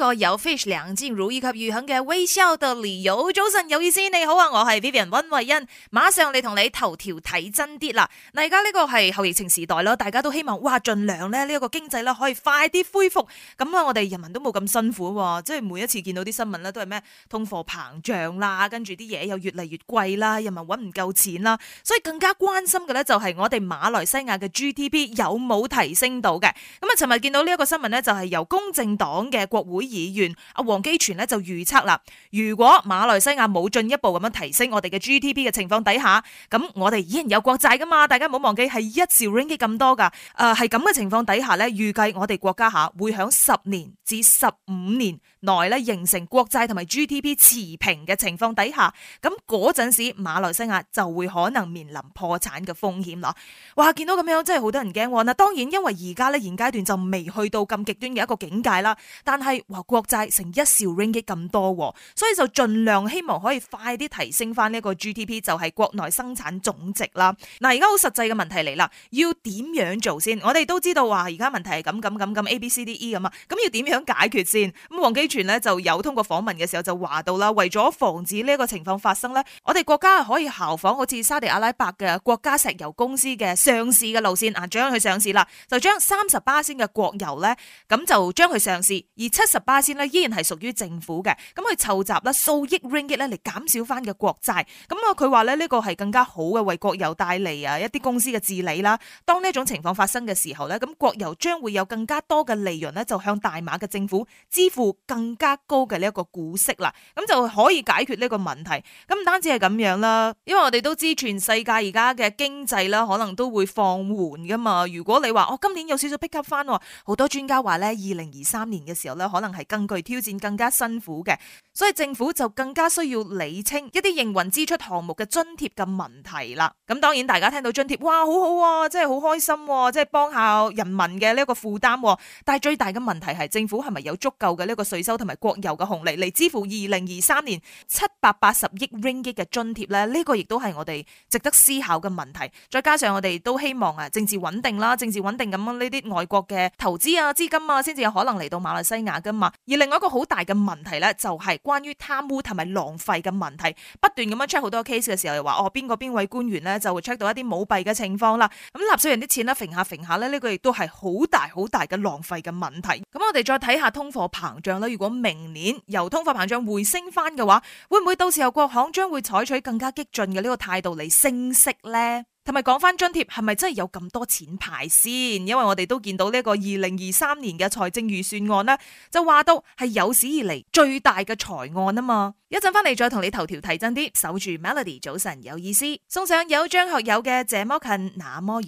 這個有 fish 梁靜茹以及余鏗嘅微笑到理由。早晨有意思，你好啊，我係 Vivian 溫慧欣，馬上嚟同你頭條睇真啲啦。嗱，而家呢個係後疫情時代啦，大家都希望哇，盡量咧呢一個經濟啦可以快啲恢復，咁啊，我哋人民都冇咁辛苦，即係每一次見到啲新聞咧都係咩通貨膨脹啦，跟住啲嘢又越嚟越貴啦，人民搵唔夠錢啦，所以更加關心嘅咧就係我哋馬來西亞嘅 GDP 有冇提升到嘅。咁啊，尋日見到呢一個新聞咧就係由公正黨嘅國會議員阿黃基全咧就預測啦，如果馬來西亞冇進一步咁樣提升我哋嘅 GDP 嘅情況底下，咁我哋依然有國債噶嘛？大家唔好忘記係一兆 Ringgit 咁多噶，誒係咁嘅情況底下咧，預計我哋國家吓會響十年至十五年內咧形成國債同埋 GDP 持平嘅情況底下，咁嗰陣時馬來西亞就會可能面臨破產嘅風險啦。哇，見到咁樣真係好多人驚。嗱，當然因為而家咧現階段就未去到咁極端嘅一個境界啦，但係。國債成一兆 ringgit 咁多，所以就盡量希望可以快啲提升翻呢個 GDP，就係國內生產總值啦。嗱，而家好實際嘅問題嚟啦，要點樣做先？我哋都知道話而家問題係咁咁咁咁 A B C D E 咁啊，咁要點樣解決先？咁黃基全咧就有通過訪問嘅時候就話到啦，為咗防止呢一個情況發生咧，我哋國家可以效仿好似沙地阿拉伯嘅國家石油公司嘅上市嘅路線啊，將佢上市啦，就將三十巴仙嘅國油咧咁就將佢上市，而七十八。花錢咧依然係屬於政府嘅，咁佢籌集啦數億 Ringgit 咧嚟減少翻嘅國債，咁啊佢話咧呢個係更加好嘅為國油帶嚟啊一啲公司嘅治理啦。當呢一種情況發生嘅時候咧，咁國油將會有更加多嘅利潤咧就向大馬嘅政府支付更加高嘅呢一個股息啦，咁就可以解決呢個問題。咁唔單止係咁樣啦，因為我哋都知全世界而家嘅經濟啦可能都會放緩噶嘛。如果你話我、哦、今年有少少迫急翻，好多專家話咧二零二三年嘅時候咧可能係。係更具挑戰、更加辛苦嘅，所以政府就更加需要理清一啲營運支出項目嘅津貼嘅問題啦。咁當然大家聽到津貼，哇，好好、啊，即係好開心、啊，即係幫下人民嘅呢一個負擔、啊。但係最大嘅問題係政府係咪有足夠嘅呢一個稅收同埋國有嘅紅利嚟支付二零二三年七百八十億 Ringgit 嘅津貼呢？呢、這個亦都係我哋值得思考嘅問題。再加上我哋都希望啊，政治穩定啦，政治穩定咁樣呢啲外國嘅投資啊、資金啊，先至有可能嚟到馬來西亞噶嘛。而另外一個好大嘅問題咧，就係關於貪污同埋浪費嘅問題，不斷咁樣 check 好多個 case 嘅時候，又話哦邊個邊位官員咧就會 check 到一啲舞弊嘅情況啦，咁納稅人啲錢咧揈下揈下咧，呢個亦都係好大好大嘅浪費嘅問題。咁我哋再睇下通貨膨脹啦。如果明年由通貨膨脹回升翻嘅話，會唔會到時候國行將會採取更加激進嘅呢個態度嚟升息呢？係咪講翻津貼？係咪真係有咁多錢派先？因為我哋都見到呢個二零二三年嘅財政預算案呢就話到係有史以嚟最大嘅財案啊嘛！一陣翻嚟再同你頭條睇真啲，守住 Melody 早晨有意思，送上有張學友嘅《這麼近那麼遠》。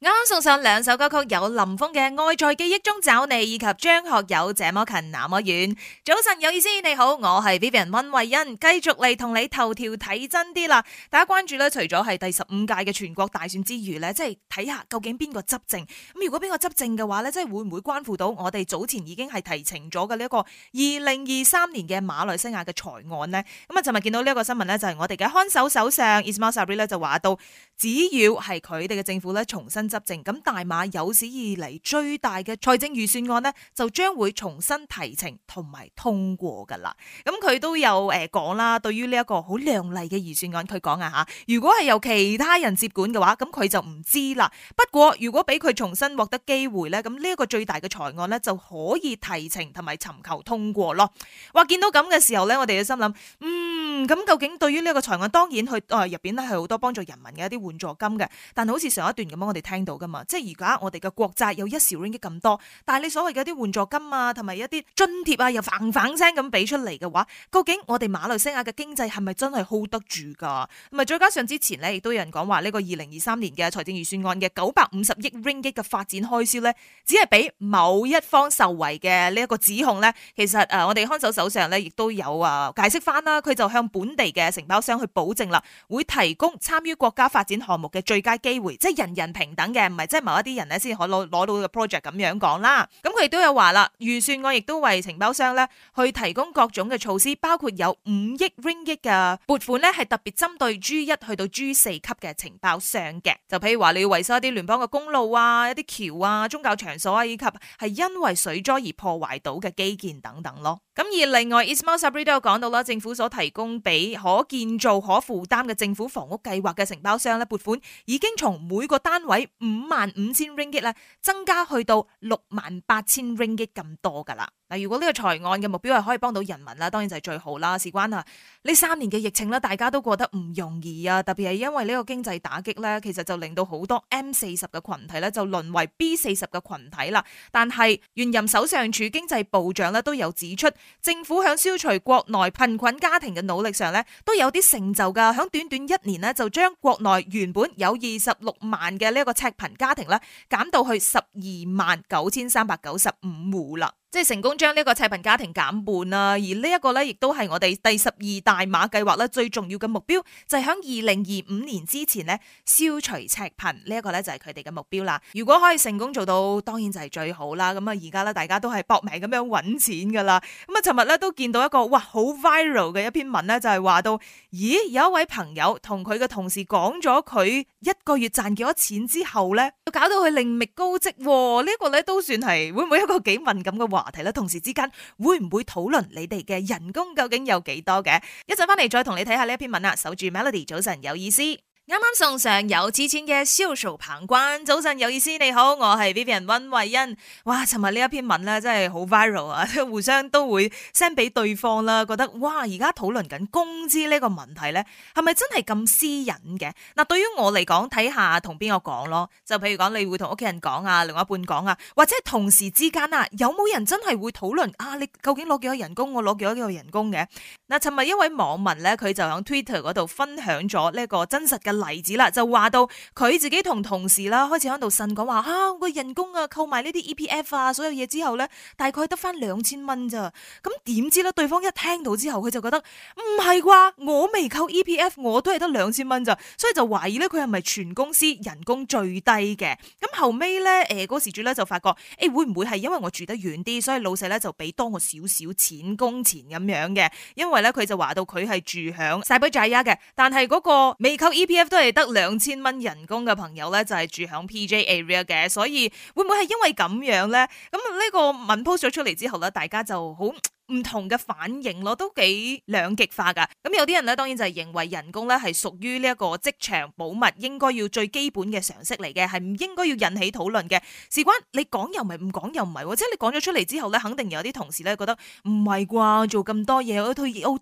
啱啱送上兩首歌曲，有林峯嘅《愛在記憶中找你》，以及張學友《這麼近那麼遠》。早晨有意思，你好，我係 Vivian 溫慧欣，繼續嚟同你頭條睇真啲啦。大家關注咧，除咗係第十五屆嘅全國大選之餘咧，即係睇下究竟邊個執政。咁如果邊個執政嘅話咧，即係會唔會關乎到我哋早前已經係提呈咗嘅呢一個二零二三年嘅馬來西亞嘅財案呢？咁啊，就尋日見到呢一個新聞呢，就係、是、我哋嘅看守首相 Ismail Sabri 咧就話到。只要係佢哋嘅政府咧重新執政，咁大馬有史以嚟最大嘅財政預算案咧，就將會重新提呈同埋通過噶啦。咁佢都有誒講啦，對於呢一個好靚麗嘅預算案，佢講啊嚇，如果係由其他人接管嘅話，咁佢就唔知啦。不過如果俾佢重新獲得機會咧，咁呢一個最大嘅財案咧就可以提呈同埋尋求通過咯。哇，見到咁嘅時候咧，我哋嘅心諗，嗯，咁究竟對於呢一個財案，當然佢誒入邊咧係好多幫助人民嘅一啲援助金嘅，但係好似上一段咁，我哋聽到噶嘛，即係而家我哋嘅國債有一兆 ringgit 咁多，但係你所謂嘅啲援助金啊，同埋一啲津貼啊，又嘭嘭聲咁俾出嚟嘅話，究竟我哋馬來西亞嘅經濟係咪真係 hold 得住噶？同埋再加上之前咧，亦都有人講話呢個二零二三年嘅財政預算案嘅九百五十億 ringgit 嘅發展開銷咧，只係俾某一方受惠嘅呢一個指控咧。其實誒，我哋看守手上咧亦都有啊解釋翻啦，佢就向本地嘅承包商去保證啦，會提供參與國家發展項目嘅最佳機會，即係人人平等嘅，唔係即係某一啲人咧先可攞攞到嘅 project。咁樣講啦，咁佢亦都有話啦，預算案亦都為承包商咧去提供各種嘅措施，包括有五億令吉嘅撥款咧，係特別針對 G 一去到 G 四級嘅承包商嘅。就譬如話你要維修一啲聯邦嘅公路啊、一啲橋啊、宗教場所啊，以及係因為水災而破壞到嘅基建等等咯。咁而另外，Ismael Sabri 都有講到啦，政府所提供俾可建造、可負擔嘅政府房屋計劃嘅承包商咧。撥款已經從每個單位五萬五千 ringgit 啦，增加去到六萬八千 ringgit 咁多噶啦。嗱，如果呢個財案嘅目標係可以幫到人民啦，當然就係最好啦。事關啊呢三年嘅疫情大家都過得唔容易啊，特別係因為呢個經濟打擊呢，其實就令到好多 M 四十嘅群體呢，就淪為 B 四十嘅群體啦。但係現任首相處經濟部長呢，都有指出，政府響消除國內貧困家庭嘅努力上呢，都有啲成就噶，響短短一年呢，就將國內原本有二十六萬嘅呢個赤貧家庭呢，減到去十二萬九千三百九十五戶啦。即係成功將呢個赤貧家庭減半啦。而這呢一個咧，亦都係我哋第十二大馬計劃咧最重要嘅目標，就係響二零二五年之前咧消除赤貧、這個、呢一個咧就係佢哋嘅目標啦。如果可以成功做到，當然就係最好啦。咁啊，而家咧大家都係搏命咁樣搵錢噶啦。咁啊，尋日咧都見到一個哇好 viral 嘅一篇文咧，就係、是、話到咦，有一位朋友同佢嘅同事講咗佢一個月賺幾多錢之後咧，都搞到佢另覓高職。哦這個、呢一個咧都算係會唔會一個幾敏感嘅話話題啦，同事之間會唔會討論你哋嘅人工究竟有幾多嘅？一陣翻嚟，再同你睇下呢一篇文啦。守住 Melody，早晨有意思。啱啱送上有字簽嘅蕭韶旁觀，早晨有意思，你好，我係 Vivian 溫慧欣。哇，尋日呢一篇文咧，真係好 viral 啊，互相都會 send 俾對方啦，覺得哇，而家討論緊工資呢個問題咧，係咪真係咁私隱嘅？嗱、呃，對於我嚟講，睇下同邊個講咯，就譬如講你會同屋企人講啊，另外一半講啊，或者同事之間啊，有冇人真係會討論啊？你究竟攞幾多人工？我攞幾多個人工嘅？嗱、呃，尋日一位網民咧，佢就喺 Twitter 嗰度分享咗呢個真實嘅。例子啦，就話到佢自己同同事啦，開始喺度呻講話啊，我嘅人工啊，扣埋呢啲 E P F 啊，所有嘢之後咧，大概得返兩千蚊咋。咁點知咧，對方一聽到之後，佢就覺得唔係啩？我未扣 E P F，我都係得兩千蚊咋？所以就懷疑咧，佢係咪全公司人工最低嘅？咁後尾咧，誒、呃、嗰時住咧就發覺，誒、欸、會唔會係因為我住得遠啲，所以老細咧就俾多我少少錢工錢咁樣嘅？因為咧，佢就話到佢係住響曬寶寨嘅，但係個未扣 E P F，都係得兩千蚊人工嘅朋友咧，就係住響 PJ area 嘅，所以會唔會係因為咁樣咧？咁呢個文 post 咗出嚟之後咧，大家就好唔同嘅反應咯，都幾兩極化噶。咁有啲人咧，當然就係認為人工咧係屬於呢一個職場保密，應該要最基本嘅常識嚟嘅，係唔應該要引起討論嘅。事關你講又唔係，唔講又唔係，即係你講咗出嚟之後咧，肯定有啲同事咧覺得唔係啩，我做咁多嘢又要。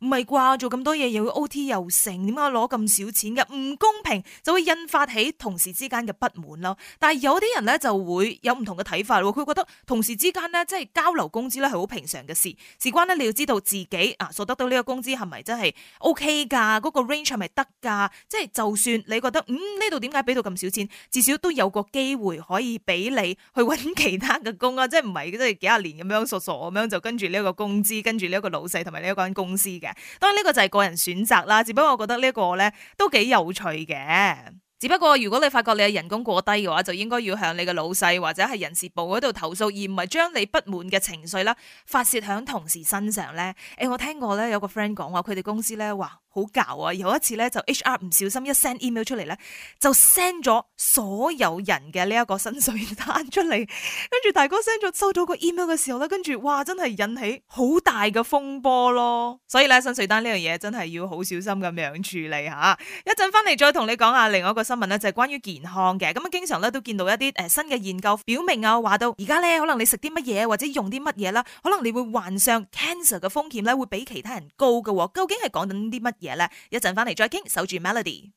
唔係啩？做咁多嘢又要 O.T. 又剩，點解攞咁少錢嘅？唔公平，就會引發起同事之間嘅不滿咯。但係有啲人咧就會有唔同嘅睇法，佢覺得同事之間咧即係交流工資咧係好平常嘅事。事關咧你要知道自己啊所得到呢個工資係咪真係 O.K. 噶？嗰個 range 係咪得噶？即係就算你覺得嗯呢度點解俾到咁少錢，至少都有個機會可以俾你去搵其他嘅工啊！即係唔係即係幾廿年咁樣傻傻咁樣就跟住呢一個工資，跟住呢一個老細同埋呢一間公司嘅。當然呢個就係個人選擇啦，只不過我覺得呢個呢個咧都幾有趣嘅。只不過如果你發覺你嘅人工過低嘅話，就應該要向你嘅老細或者係人事部嗰度投訴，而唔係將你不滿嘅情緒啦發洩響同事身上咧。誒、哎，我聽過咧有個 friend 講話，佢哋公司咧話。好搞啊！有一次咧，就 H.R. 唔小心一 send email 出嚟咧，就 send 咗所有人嘅呢一個薪水單出嚟，跟住大哥 send 咗收到個 email 嘅時候咧，跟住哇，真係引起好大嘅風波咯！所以咧，薪水單呢樣嘢真係要好小心咁樣處理吓。一陣翻嚟再同你講下另外一個新聞咧，就係關於健康嘅。咁啊，經常咧都見到一啲誒新嘅研究表明啊，話到而家咧，可能你食啲乜嘢或者用啲乜嘢啦，可能你會患上 cancer 嘅風險咧會比其他人高嘅，究竟係講緊啲乜嘢？一陣翻嚟再傾，守住 Melody。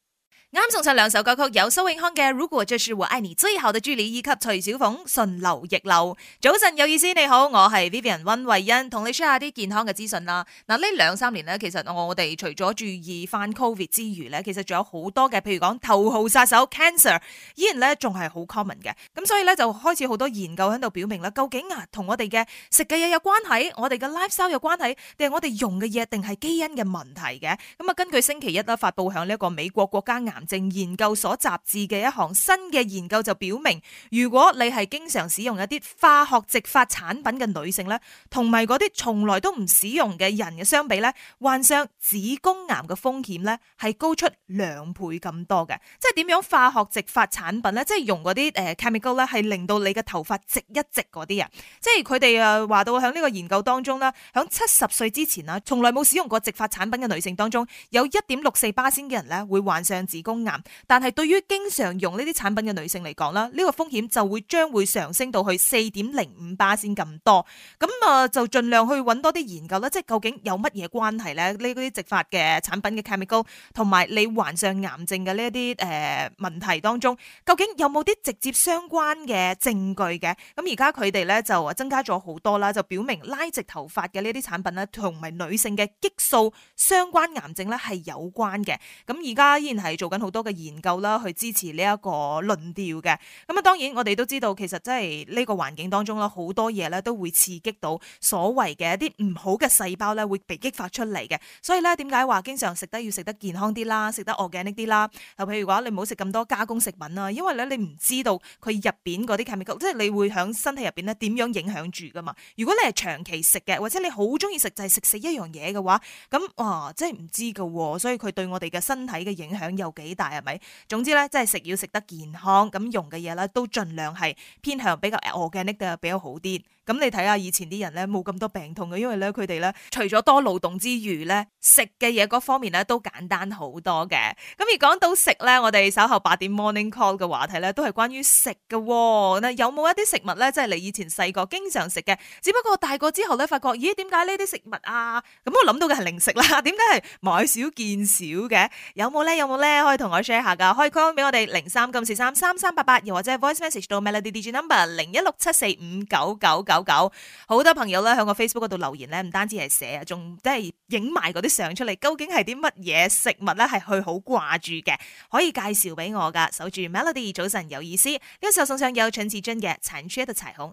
啱，送上兩首歌曲，有蘇永康嘅《如果》、就是我愛你最後嘅朱莉以及徐小鳳《順流逆流》。早晨有意思，你好，我係 Vivian 温慧欣，同你 share 啲健康嘅資訊啦。嗱，呢兩三年咧，其實我哋除咗注意翻 Covid 之餘咧，其實仲有好多嘅，譬如講頭號殺手 cancer 依然咧仲係好 common 嘅。咁所以咧就開始好多研究喺度表明啦，究竟啊同我哋嘅食嘅嘢有關係，我哋嘅 lifestyle 有關係，定係我哋用嘅嘢，定係基因嘅問題嘅？咁啊，根據星期一咧發布響呢一個美國國家癌。癌症研究所雜誌嘅一項新嘅研究就表明，如果你係經常使用一啲化學直髮產品嘅女性咧，同埋嗰啲從來都唔使用嘅人嘅相比咧，患上子宮癌嘅風險咧係高出兩倍咁多嘅。即係點樣？化學直髮產品咧，即係用嗰啲誒 chemical 咧，係令到你嘅頭髮直一直嗰啲。即係佢哋誒話到響呢個研究當中啦，響七十歲之前啊，從來冇使用過直髮產品嘅女性當中，有一點六四巴仙嘅人咧會患上子宮。癌，但係對於經常用呢啲產品嘅女性嚟講啦，呢、這個風險就會將會上升到去四點零五巴先咁多。咁、呃、啊，就盡量去揾多啲研究啦，即係究竟有乜嘢關係咧？呢啲直髮嘅產品嘅 chemical，同埋你患上癌症嘅呢一啲誒問題當中，究竟有冇啲直接相關嘅證據嘅？咁而家佢哋咧就增加咗好多啦，就表明拉直頭髮嘅呢啲產品咧，同埋女性嘅激素相關癌症咧係有關嘅。咁而家依然係做緊。好多嘅研究啦，去支持呢一個論調嘅。咁啊，當然我哋都知道，其實真係呢個環境當中啦，好多嘢咧都會刺激到所謂嘅一啲唔好嘅細胞咧，會被激發出嚟嘅。所以咧，點解話經常食得要食得健康啲啦，食得惡嘅呢啲啦？就譬如話你唔好食咁多加工食品啦，因為咧你唔知道佢入邊嗰啲 chemical，即係你會響身體入邊咧點樣影響住噶嘛？如果你係長期食嘅，或者你好中意食就係食食一樣嘢嘅話，咁哇，即係唔知噶，所以佢對我哋嘅身體嘅影響有幾？幾大係咪？總之咧，即係食要食得健康，咁用嘅嘢咧都盡量係偏向比較 organic 嘅比較好啲。咁你睇下以前啲人咧冇咁多病痛嘅，因為咧佢哋咧除咗多勞動之餘咧，食嘅嘢嗰方面咧都簡單好多嘅。咁而講到食咧，我哋稍後八點 morning call 嘅話題咧都係關於食嘅。嗱，有冇一啲食物咧，即係你以前細個經常食嘅？只不過大個之後咧發覺，咦，點解呢啲食物啊？咁我諗到嘅係零食啦。點解係買少見少嘅？有冇咧？有冇咧？可以。同我 share 下噶，可以 call 俾我哋零三九四三三三八八，又或者 voice message 到 melody DJ number 零一六七四五九九九九。好多朋友咧喺我 Facebook 度留言咧，唔單止係寫啊，仲即係影埋嗰啲相出嚟。究竟係啲乜嘢食物咧，係佢好掛住嘅，可以介紹俾我噶。守住 melody 早晨有意思。呢個時候送上由陳志真嘅《殘缺的彩虹》。